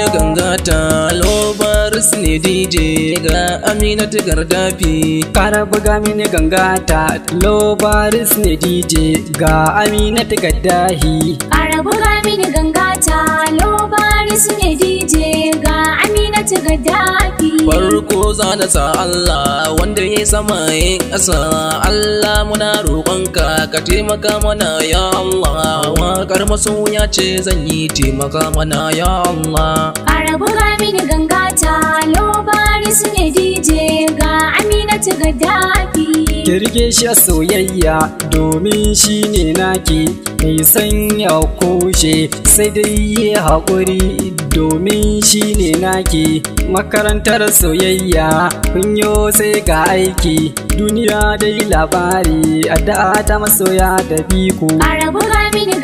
na gangata lobarus ne dj ga ta gardafi kara buga mini gangata lobarus ne dj ga ta gardahi kara buga mini gangata lobarus ne dj ga aminatu ci ga daɗi. Farko za na sa Allah wanda ya sama ya ƙasa Allah muna roƙonka ka taimaka mana ya Allah waƙar masoya ce zan yi taimaka mana ya Allah. Ƙara buga mini gangata lobari su ne DJ ga Amina ci ga daɗi. kirge shi a soyayya domin shi ne naki mai sanya koshe sai dai yi haƙuri domin shi ne naki makarantar soyayya kunyo sai ga aiki duniya dai labari a da ta masoya da biku. A rabu mini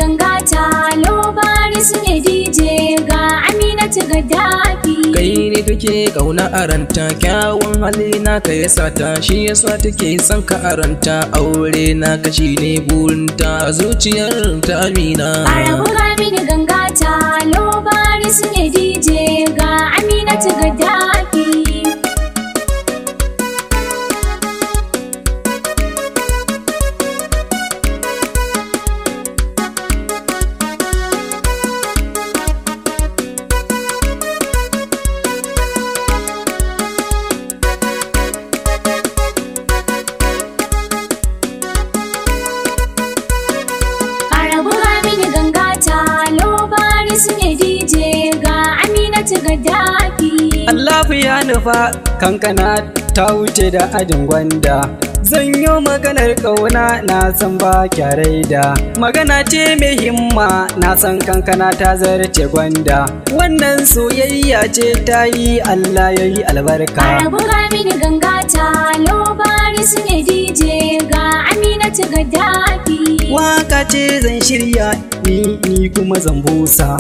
kauna aranta kyawun hali na ka ya sata shi yasa take son ka aranta aure na ka shi ne burinta a zuciyar ta amina a rabu ga mini gangata lobari ne di gaddafi Allahu ya nufa kankana ta wuce da ajin gwanda Zanyo maganar ƙauna na san ba kyarai da magana ce mai himma na san kankana ta zarce gwanda wannan soyayya ce ta yi Allah ya yi albarka. buga mini ganga ta lobari su ne DJ ga Amina ta daki. Waka ce zan shirya ni ni kuma zan busa.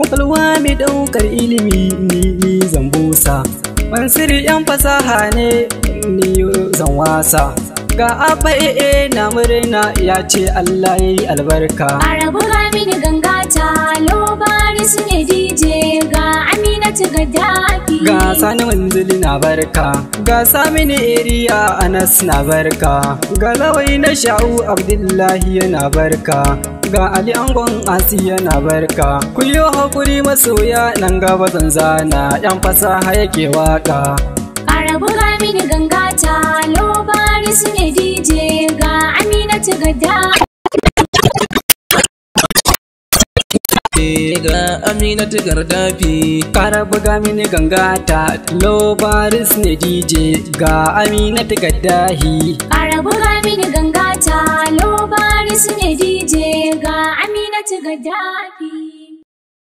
kwakwalwa mai ɗaukar ilimi ni zan busa mansiri yan fasaha ne ni zan wasa ga abba ee na murna ya ce allah ya yi albarka a rabu ga mini gangata lobari su ne dj ga Amina ta ga daki ga sani manzili na barka ga samini iriya anas na barka ga lawai na sha'u abdullahi yana barka ga Ali Angon Asi yana barka. Ku hakuri masoya nan gaba zana, yan fasaha yake waka. Karabu ga mini ganga ta lobari su ne DJ ga ta Gada. ga Aminatu Gardafi. E, Karabu ga mini ganga ta lobaris ne DJ ga ta Gaddahi. Karabu ga mini ganga गजा की